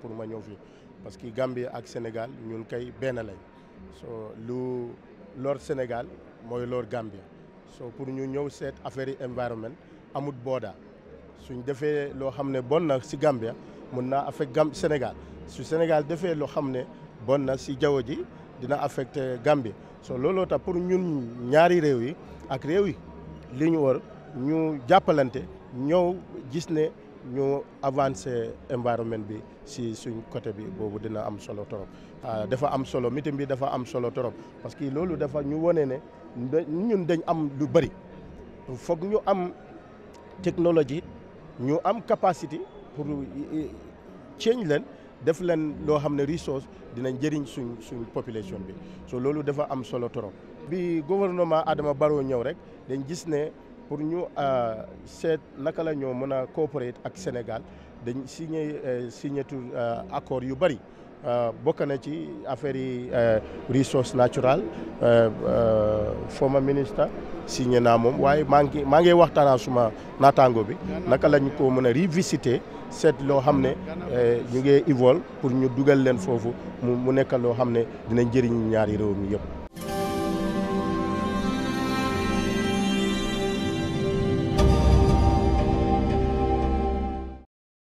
pour ma parce que Gambie ak Sénégal ñun kay so lu Sénégal est lor Gambia so pour ñu nous cette affaire environnement amut bon na Gambia ça avons fait Sénégal le Sénégal defee bon na nous dina Nous Gambie so pour ñun ñaari réew yi ak réew yi Nous ñu ñu avancer environnement bi si suñ côté bi boobu dina am solo trop ah, dafa am solo meeting bi dafa am solo trop parce que loolu dafa ñu wane ne ñun dañ am lu bëri foog ñu am technologie ñu am capacité pour change leen def leen loo xam ne ressource dinañ jëriñ suñ suñ population bi so loolu dafa am solo trop. bi gouvernement Adama Barrow ñëw rek dañ gis ne. pour ñu euh, seet naka lañoo mën a coopérer ak Sénégal dañ signé euh, signetu accord yu bëri euh, bokk na ci affaire yi ressource naturelle former ministre signé naa moom waaye maa ngi maa ngi waxtaan suma naataango bi naka la ko mën a revisiter seet loo xam ne ñu ngi évolue pour ñu dugal leen foofu mu nekk loo xam ne dina njëriñ ñaari réew mi yëpp.